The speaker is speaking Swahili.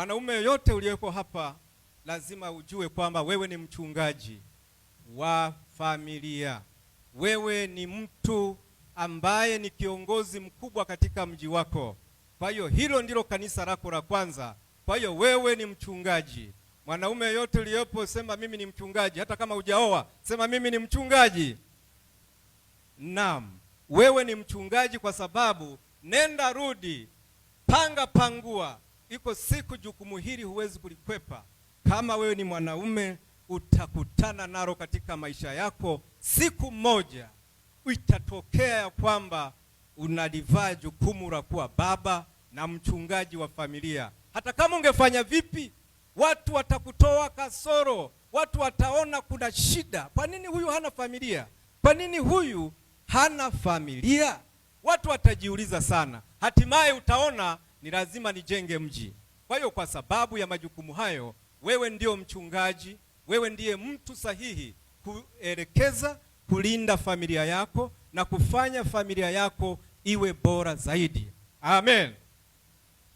Mwanaume yoyote uliyepo hapa lazima ujue kwamba wewe ni mchungaji wa familia. Wewe ni mtu ambaye ni kiongozi mkubwa katika mji wako. Kwa hiyo hilo ndilo kanisa lako la kwanza. Kwa hiyo wewe ni mchungaji. Mwanaume yoyote uliyepo, sema mimi ni mchungaji. Hata kama hujaoa, sema mimi ni mchungaji. Naam, wewe ni mchungaji kwa sababu nenda rudi, panga pangua iko siku jukumu hili huwezi kulikwepa. Kama wewe ni mwanaume, utakutana nalo katika maisha yako. Siku moja itatokea ya kwamba unalivaa jukumu la kuwa baba na mchungaji wa familia. Hata kama ungefanya vipi, watu watakutoa kasoro, watu wataona kuna shida. Kwa nini huyu hana familia? Kwa nini huyu hana familia? Watu watajiuliza sana. Hatimaye utaona ni lazima nijenge mji. Kwa hiyo kwa sababu ya majukumu hayo, wewe ndio mchungaji, wewe ndiye mtu sahihi kuelekeza, kulinda familia yako na kufanya familia yako iwe bora zaidi. Amen.